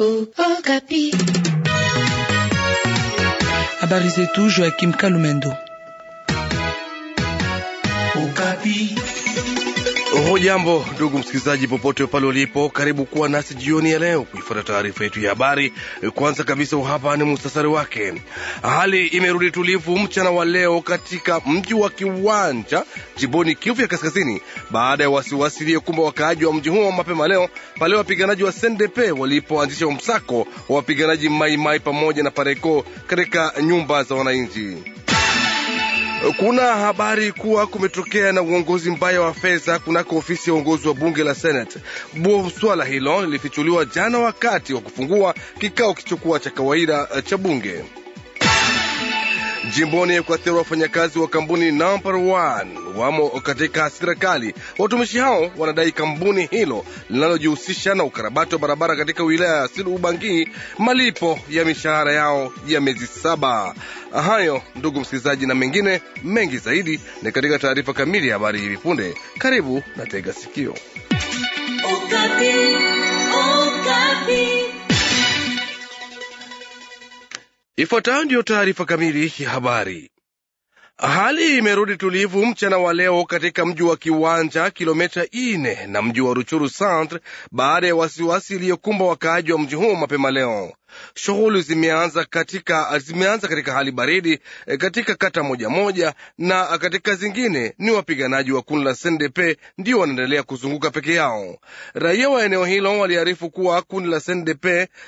Oh, oh, Habari zetu Joakim Kalumendo. Okapi. Oh, Hujambo ndugu msikilizaji, popote pale ulipo, karibu kuwa nasi jioni ya leo kuifuata taarifa yetu ya habari. Kwanza kabisa, uhapa ni mustasari wake. Hali imerudi tulivu mchana wa leo katika mji wa Kiwanja, jimboni Kivu ya Kaskazini, baada ya wasiwasi iliyokumba wakaaji wa mji huo mapema leo pale wapiganaji wa SNDP walipoanzisha msako wa wapiganaji Maimai pamoja na Pareko katika nyumba za wananchi. Kuna habari kuwa kumetokea na uongozi mbaya wa fedha kunako ofisi ya uongozi wa bunge la Senate. Swala hilo lilifichuliwa jana wakati wa kufungua kikao kichokuwa cha kawaida eh, cha bunge jimboni kuathiri wafanyakazi wa kampuni Number One wamo katika hasira kali. Watumishi hao wanadai kampuni hilo linalojihusisha na ukarabati wa barabara katika wilaya ya Silu Ubangi malipo ya mishahara yao ya miezi saba. Hayo ndugu msikilizaji, na mengine mengi zaidi ni katika taarifa kamili ya habari hivi punde. Karibu na tega sikio Ukati. Ifuatayo ndiyo taarifa kamili ya habari. Hali imerudi tulivu mchana wa leo katika mji wa Kiwanja, kilomita ine na mji wa Ruchuru centre, baada ya wasiwasi iliyokumba wakaaji wa mji huo mapema leo. Shughuli zimeanza katika, zimeanza katika hali baridi eh, katika kata moja moja, na eh, katika zingine ni wapiganaji wa kundi la SNDP ndio wanaendelea kuzunguka peke yao. Raia wa eneo hilo waliarifu kuwa kundi la SNDP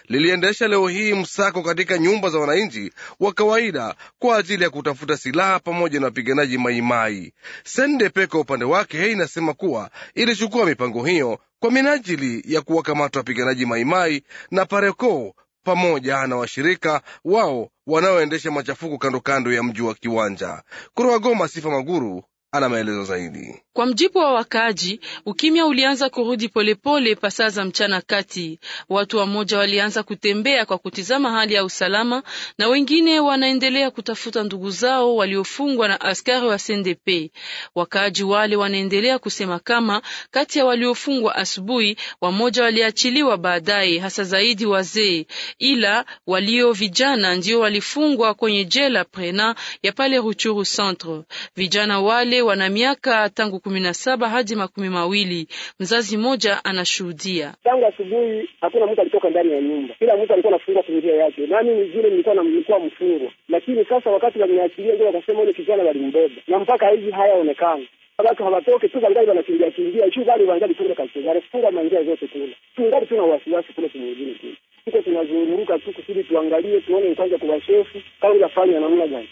liliendesha leo hii msako katika nyumba za wananchi wa kawaida kwa ajili ya kutafuta silaha pamoja na wapiganaji Maimai. SNDP kwa upande wake inasema kuwa ilichukua mipango hiyo kwa minajili ya kuwakamata wapiganaji Maimai na Pareko pamoja na washirika wao wanaoendesha machafuko kando kando ya mji wa kiwanja kutoka Goma. Sifa Maguru, ana maelezo zaidi. Kwa mjibu wa wakaaji, ukimya ulianza kurudi polepole pa saa za mchana kati. Watu wamoja walianza kutembea kwa kutizama hali ya usalama, na wengine wanaendelea kutafuta ndugu zao waliofungwa na askari wa CNDP. Wakaaji wale wanaendelea kusema kama kati ya waliofungwa asubuhi, wamoja waliachiliwa baadaye, hasa zaidi wazee, ila walio vijana ndio walifungwa kwenye jela Prena ya pale Ruchuru Centre. Vijana wale wana miaka tangu kumi na saba hadi makumi mawili. Mzazi mmoja anashuhudia. Tangu asubuhi hakuna mtu alitoka ndani ya nyumba, kila mtu alikuwa anafungwa njia yake, nami ni vile nilikuwa nilikuwa mfungwa, lakini sasa wakati waliniachilia ndio wakasema ule kijana walimbeba, na mpaka hivi hayaonekana watu hawatoke tu wangali wanakimbia kimbia juu gari wangali kule kabisa funga manjia zote kule, tungali tuna wasiwasi kule kumwingine kule tuko tunazunguruka tu kusudi tuangalie tuone kwanza kwa shefu kama inafanya namna gani.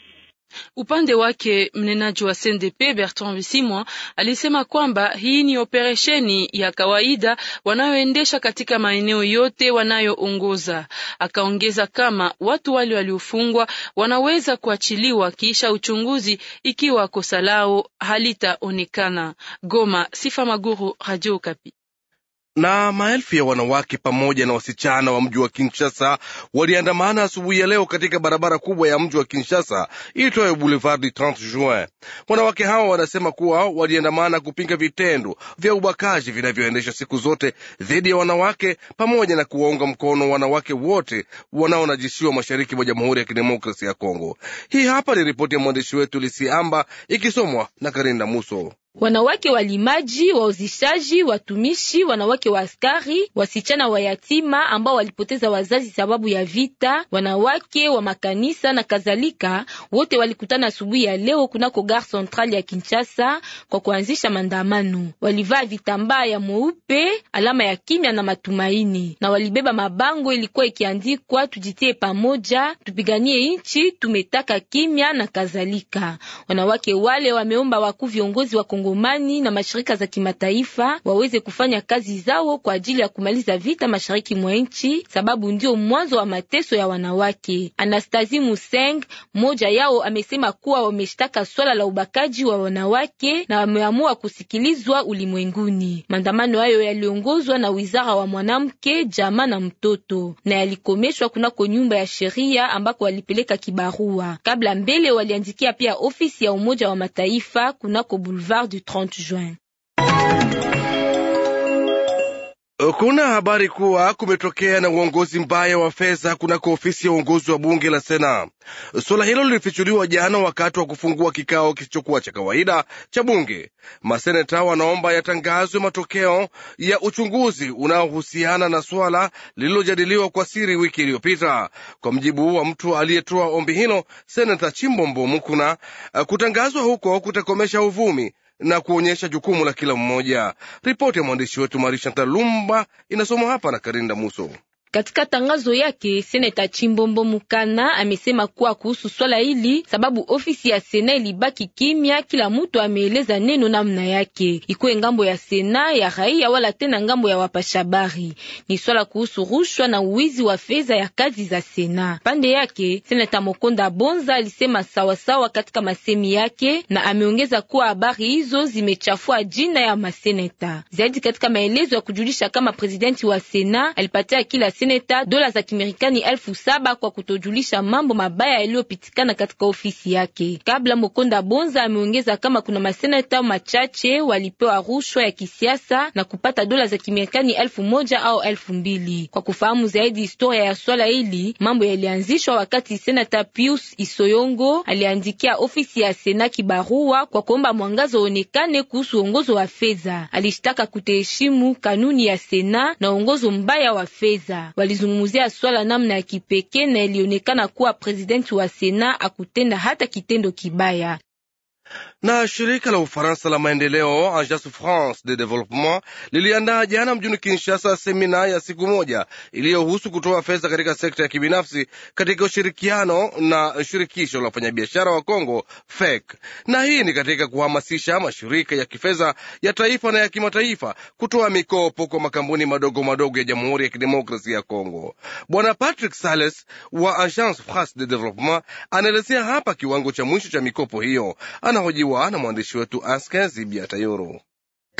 Upande wake mnenaji wa CNDP Bertrand Bisimwa alisema kwamba hii ni operesheni ya kawaida wanayoendesha katika maeneo yote wanayoongoza. Akaongeza kama watu wale waliofungwa wanaweza kuachiliwa kisha uchunguzi ikiwa kosa lao halitaonekana. Goma, Sifa Maguru, Radio Kapi na maelfu ya wanawake pamoja na wasichana wa mji wa Kinshasa waliandamana asubuhi ya leo katika barabara kubwa ya mji wa Kinshasa iitwayo Boulevard du 30 Juin. Wanawake hawa wanasema kuwa waliandamana kupinga vitendo vya ubakaji vinavyoendeshwa siku zote dhidi ya wanawake pamoja na kuwaunga mkono wanawake wote wanaonajisiwa mashariki mwa Jamhuri ya Kidemokrasi ya Kongo. Hii hapa ni ripoti ya mwandishi wetu Lisiamba ikisomwa na Karinda Muso wanawake walimaji, waozishaji, watumishi, wanawake wa askari, wasichana wa yatima ambao walipoteza wazazi sababu ya vita, wanawake wa makanisa na kadhalika, wote walikutana asubuhi ya leo kunako gare centrale ya Kinshasa kwa kuanzisha maandamano. Walivaa vitambaa ya mweupe, alama ya kimya na matumaini, na walibeba mabango ilikuwa ikiandikwa tujitie pamoja, tupiganie nchi, tumetaka kimya na kadhalika. Wanawake wale wameomba wakuu viongozi wa Kongo wakongomani na mashirika za kimataifa waweze kufanya kazi zao kwa ajili ya kumaliza vita mashariki mwa nchi, sababu ndio mwanzo wa mateso ya wanawake. Anastasi Museng, mmoja yao, amesema kuwa wameshtaka swala la ubakaji wa wanawake na wameamua kusikilizwa ulimwenguni. Maandamano hayo yaliongozwa na wizara wa mwanamke, jamaa na mtoto na yalikomeshwa kunako nyumba ya sheria ambako walipeleka kibarua. Kabla mbele waliandikia pia ofisi ya Umoja wa Mataifa kunako Boulevard du 30 Juin. Kuna habari kuwa kumetokea na uongozi mbaya wa fedha kunako ofisi ya uongozi wa bunge la Sena. Suala hilo lilifichuliwa jana wakati wa kufungua kikao kisichokuwa cha kawaida cha bunge. Maseneta wanaomba yatangazwe matokeo ya uchunguzi unaohusiana na swala lililojadiliwa kwa siri wiki iliyopita. Kwa mjibu wa mtu aliyetoa ombi hilo, seneta Chimbombo Mukuna, kutangazwa huko kutakomesha uvumi na kuonyesha jukumu la kila mmoja. Ripoti ya mwandishi wetu Marisha Talumba inasoma hapa na Karinda Muso. Katika tangazo yake seneta Chimbombo Mukana amesema kuwa kuhusu swala hili, sababu ofisi ya sena ilibaki kimya, kila mtu ameeleza neno namna yake, ikuwe ngambo ya sena ya raia wala tena ngambo ya wapashabari. Ni swala kuhusu rushwa na uwizi wa fedha ya kazi za sena. Pande yake seneta Mokonda Bonza alisema sawasawa katika masemi yake, na ameongeza kuwa habari hizo zimechafua jina ya maseneta. Zaidi katika maelezo ya kujulisha kama presidenti wa sena alipatia kila seneta dola za kimerikani elfu saba kwa kutojulisha mambo mabaya yaliyopitikana katika ofisi yake. Kabla Mokonda Bonza ameongeza kama kuna maseneta machache walipewa rushwa ya kisiasa na kupata dola za kimerikani elfu moja au elfu mbili. Kwa kufahamu zaidi historia ya swala hili, mambo yalianzishwa wakati senata Pius Isoyongo aliandikia ofisi ya Senaki barua kwa kuomba mwangazo onekane kuhusu uongozo wa fedha. Alishtaka kutoheshimu kanuni ya Sena na uongozo mbaya wa fedha. Walizungumzia swala namna ya kipekee na ilionekana kuwa presidenti wa Sena akutenda hata kitendo kibaya. Na shirika la Ufaransa la maendeleo Agence France de Developpement liliandaa jana mjini Kinshasa semina ya siku moja iliyohusu kutoa fedha katika sekta ya kibinafsi katika ushirikiano na shirikisho la wafanyabiashara wa congo FEC, na hii ni katika kuhamasisha mashirika ya kifedha ya taifa na ya kimataifa kutoa mikopo kwa makampuni madogo madogo ya Jamhuri ya Kidemokrasia ya congo Bwana Patrick Sales wa Agence France de Developpement anaelezea hapa kiwango cha mwisho cha mikopo hiyo yaliyoandaliwa na mwandishi wetu Askezi Biatayoro.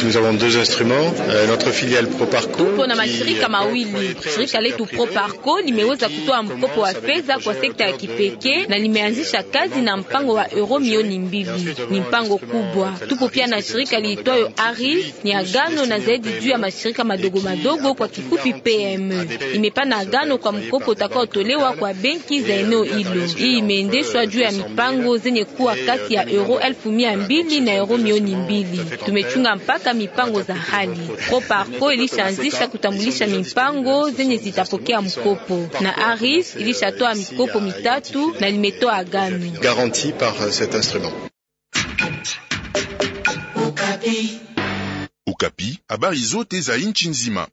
Nous avons deux instruments, uh, notre filiale Proparco. Tupona mashirika euh, mawili, shirika letu Proparco limeweza kutoa mkopo wa fedha kwa sekta ya kipekee na limeanzisha euh, kazi na mpango wa euro milioni mbili. Ni mpango kubwa. Tupo pia na shirika liitwayo Aris, ni agano na zaidi juu ya mashirika madogo madogo, kwa kifupi PME. Imepana agano kwa mkopo utakaotolewa kwa benki za eneo hilo. Hii imeendeshwa juu ya mipango zenye kuwa kati ya euh, euro elfu mia mbili na euro milioni mbili. Tumechunga mpaka hata mipango za hali. Proparco ilishaanzisha kutambulisha mipango zenye zitapokea mkopo na Aris ilishatoa mikopo mitatu na limetoa agano garanti par euh, cet instrument. Okapi, habari zote za nchi nzima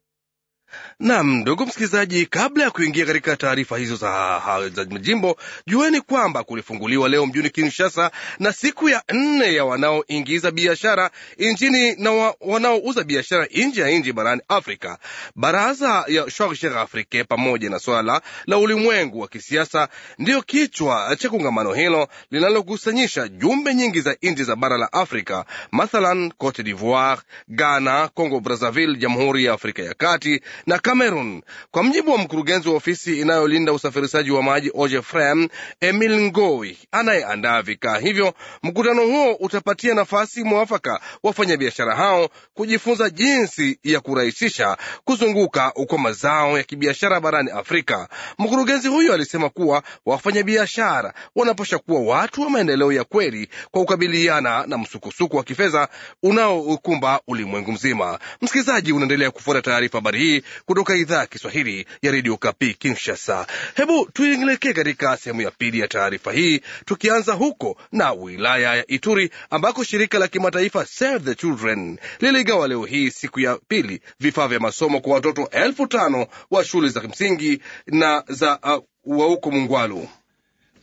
Nam, ndugu msikilizaji, kabla ya kuingia katika taarifa hizo za, za majimbo, jueni kwamba kulifunguliwa leo mjini Kinshasa na siku ya nne ya wanaoingiza biashara nchini na wa, wanaouza biashara nje ya nchi barani Afrika. Baraza ya Chargeur Afrique pamoja na swala la ulimwengu wa kisiasa ndiyo kichwa cha kongamano hilo linalokusanyisha jumbe nyingi za nchi za bara la Afrika, mathalan Cote d'Ivoire, Ghana, Congo Brazzaville, Jamhuri ya Afrika ya Kati na Cameroon. Kwa mjibu wa mkurugenzi wa ofisi inayolinda usafirishaji wa maji OGEFREM, Emil Ngoi anayeandaa vikaa hivyo, mkutano huo utapatia nafasi mwafaka wafanyabiashara hao kujifunza jinsi ya kurahisisha kuzunguka kwa mazao ya kibiashara barani Afrika. Mkurugenzi huyo alisema kuwa wafanyabiashara wanaposha kuwa watu wa maendeleo ya kweli kwa kukabiliana na msukosuko wa kifedha unaokumba ulimwengu mzima. Msikilizaji, unaendelea kufuata taarifa habari hii kutoka idhaa ya Kiswahili ya redio Kapi Kinshasa. Hebu tuielekee katika sehemu ya pili ya taarifa hii, tukianza huko na wilaya ya Ituri ambako shirika la kimataifa Save the Children liligawa leo hii siku ya pili vifaa vya masomo kwa watoto elfu tano wa shule za msingi na za uh, wa huko Mungwalu.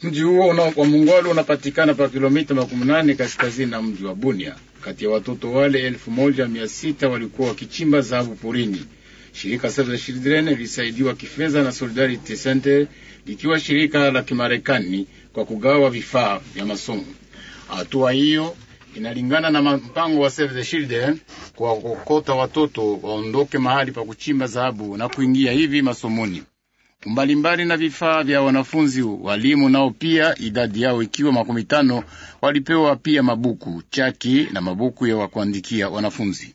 Mji huo wa Mungwalu unapatikana pa kilomita makumi nane kaskazini na mji wa Bunia. Kati ya watoto wale elfu moja mia sita walikuwa wakichimba zahabu porini. Shirika Save the Children lilisaidiwa kifedha na Solidarity Center likiwa shirika la Kimarekani kwa kugawa vifaa vya masomo. Hatua hiyo inalingana na mpango wa Save the Children kwa kuokota watoto waondoke mahali pa kuchimba dhahabu na kuingia hivi masomoni mbalimbali na vifaa vya wanafunzi. Walimu nao pia idadi yao ikiwa makumi tano walipewa pia mabuku chaki na mabuku ya wakuandikia wanafunzi.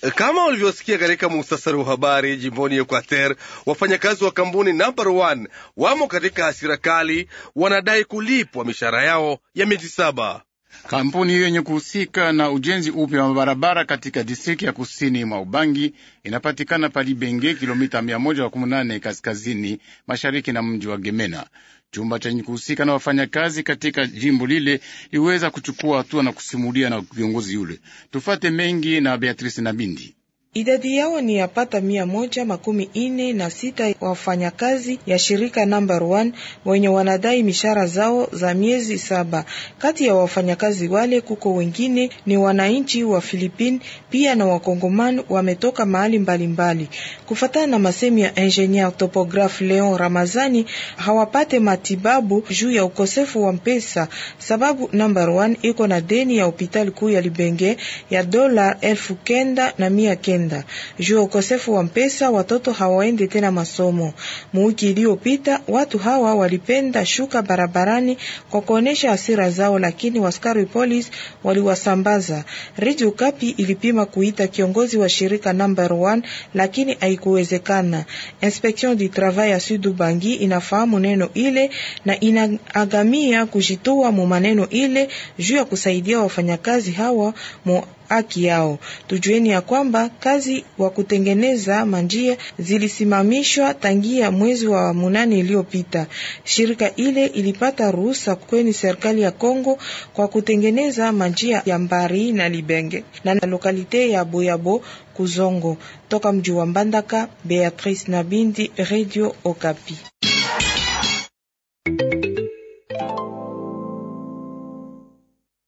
Kama ulivyosikia katika muhtasari wa habari, jimboni Equateur wafanyakazi wa kampuni number one wamo katika hasira kali, wanadai kulipwa mishahara yao ya miezi saba. Kampuni hiyo yenye kuhusika na ujenzi upya wa barabara katika distrikti ya kusini mwa Ubangi inapatikana Palibenge, kilomita 118 kaskazini mashariki na mji wa Gemena. Chumba chenye kuhusika na wafanyakazi katika jimbo lile liweza kuchukua hatua na kusimulia na viongozi yule. Tufate mengi na Beatrice na Bindi. Idadi yao ni yapata mia moja makumi ine na sita wafanyakazi ya shirika number one wenye wanadai mishara zao za miezi saba. Kati ya wafanyakazi wale kuko wengine ni wananchi wa Filipin pia na wakongomani wametoka mahali mbalimbali. Kufatana na masemi ya engineer topograph Leon Ramazani, hawapate matibabu juu ya ukosefu wa mpesa, sababu number one iko na deni ya hospitali kuu ya Libenge ya dola elfu kenda na mia kenda kwenda. Juu ya ukosefu wa mpesa, watoto hawaendi tena masomo. Muwiki iliyopita watu hawa walipenda shuka barabarani kwa kuonesha hasira zao, lakini waskari polisi waliwasambaza. Radio Kapi ilipima kuita kiongozi wa shirika number one, lakini haikuwezekana. Inspection du travail ya Sud Ubangi inafahamu neno ile na inaagamia kujitoa mu maneno ile juu ya kusaidia wafanyakazi hawa mu haki yao. Tujueni ya kwamba kazi wa kutengeneza manjia zilisimamishwa tangia mwezi wa munane iliyopita. Shirika ile ilipata ruhusa kweni serikali ya Kongo kwa kutengeneza manjia ya Mbari na Libenge na lokalite ya Boyabo Kuzongo. Toka mji wa Mbandaka, Beatrice Nabindi, Radio Okapi.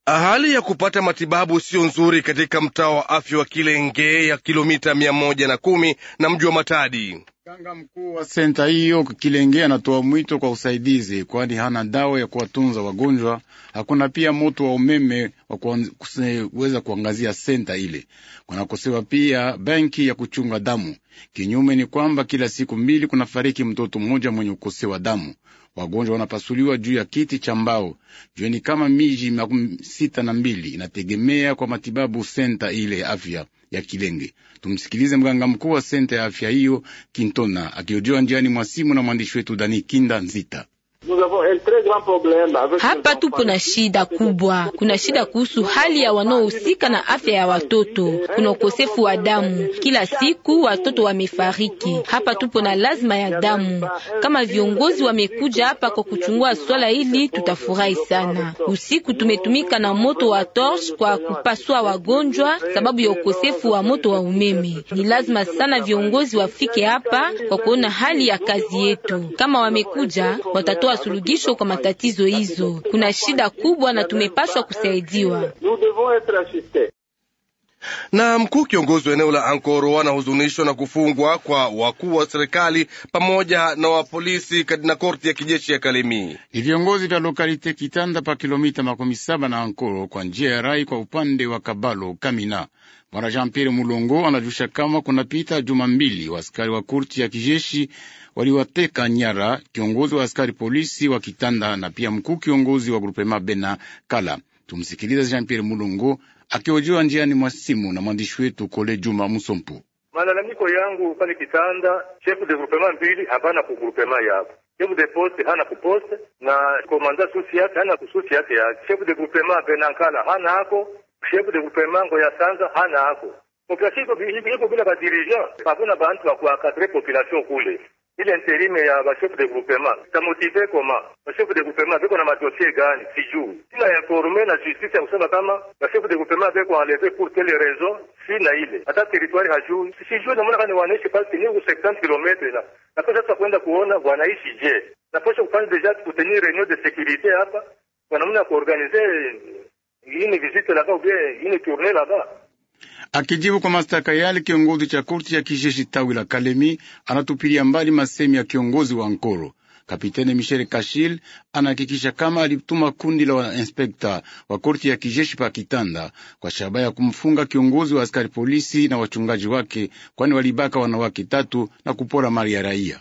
Hali ya kupata matibabu siyo nzuri katika mtaa wa afya wa Kilenge ya kilomita mia moja na kumi na mji wa Matadi. Mganga mkuu wa senta hiyo Kilenge anatoa mwito kwa usaidizi, kwani hana dawa ya kuwatunza wagonjwa. Hakuna pia moto wa umeme wa kuweza kuangazia senta ile. Kunakosewa pia benki ya kuchunga damu. Kinyume ni kwamba kila siku mbili kunafariki mtoto mmoja mwenye ukosewa damu wagonjwa wanapasuliwa juu ya kiti cha mbao. Jueni kama miji makumi sita na mbili inategemea kwa matibabu senta ile ya afya ya Kilenge. Tumsikilize mganga mkuu wa senta ya afya hiyo Kintona akihojiwa njiani mwa simu na mwandishi wetu Dani Kinda Nzita. Hapa tupo na shida kubwa. Kuna shida kuhusu hali ya wanaohusika na afya ya watoto. Kuna ukosefu wa damu, kila siku watoto wamefariki. Hapa tupo na lazima ya damu. Kama viongozi wamekuja hapa kwa kuchungua swala hili, tutafurahi sana. Usiku tumetumika na moto wa torch kwa kupasua wagonjwa sababu ya ukosefu wa moto wa umeme. Ni lazima sana viongozi wafike hapa kwa kuona hali ya kazi yetu. Kama wamekuja watatoa kutoa suluhisho kwa matatizo hizo. Kuna shida kubwa na tumepaswa kusaidiwa. Na mkuu kiongozi wa eneo la Ankoro anahuzunishwa na kufungwa kwa wakuu wa serikali pamoja na wa polisi na korti ya kijeshi ya Kalemi. Viongozi vya lokalite Kitanda pa kilomita makumi saba na Ankoro kwa njia ya rai kwa upande wa Kabalo Kamina Bwana Jean Pierre Mulongo anajusha kama kunapita juma mbili waaskari wa kurti ya kijeshi waliwateka nyara kiongozi wa askari polisi wa Kitanda na pia mkuu kiongozi wa grupema Bena Kala. tumsikiliza Jean Pierre Mulongo akiojiwa njiani mwa simu na mwandishi wetu Kole Juma Musompu. Malalamiko yangu pale Kitanda, chefu de grupema mbili hapana kugrupema yako chefu de poste hana kuposte na komanda susi yake hana kususi yake ya chefu de grupema Benankala hana ako chef de gouvernement ngo yasanza hana ako kopyashiko bihiko bila ba dirigeant hakuna bantu wa kuakadre population kule ile interime ya ba chef de gouvernement groupement tamotive koma ba chef de groupement biko na madossier gani sijuu sila informe na justice ya kusema kama ba chef de groupement biko enleve pour quelle raison si na ile hata territoire hajui sijuu namona kani wanaishi pasi ni 70 km na na pesa sasa kwenda kuona wanaishi je na pesa kufanya deja kutenir réunion de sécurité hapa kwa namna ya kuorganiser hii ni vizito laba ubie hii ni turne laba. Akijibu kwa mashtaka yale, kiongozi cha korti ya kijeshi tawi la Kalemi anatupilia mbali masemi ya kiongozi wa Nkoro. Kapitene Michel Kashil anahakikisha kama alituma kundi la wainspekta wa korti ya kijeshi pa Kitanda kwa shabaha ya kumfunga kiongozi wa askari polisi na wachungaji wake, kwani walibaka wanawake tatu na kupora mali ya raia.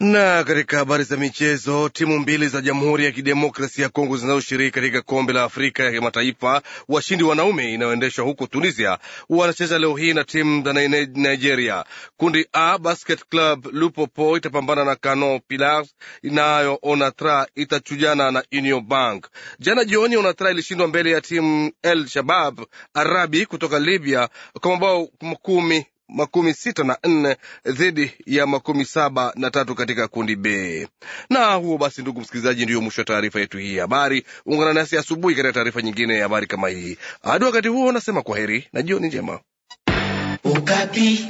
Na katika habari za michezo, timu mbili za Jamhuri ya Kidemokrasi ya Kongo zinazoshiriki katika kombe la Afrika ya kimataifa washindi wanaume inayoendeshwa huko Tunisia wanacheza leo hii na timu za Nigeria. Kundi A, Basket Club Lupopo itapambana na Canon pilar nayo Onatra itachujana na Union Bank. Jana jioni, Onatra ilishindwa mbele ya timu El Shabab Arabi kutoka Libya kwa mabao kumi makumi sita na nne dhidi ya makumi saba na tatu katika kundi B. Na huo basi, ndugu msikilizaji, ndiyo mwisho wa taarifa yetu hii ya habari. Ungana nasi asubuhi katika taarifa nyingine ya habari kama hii. Hadi wakati huo, nasema kwa heri na jioni njema. Ukapi.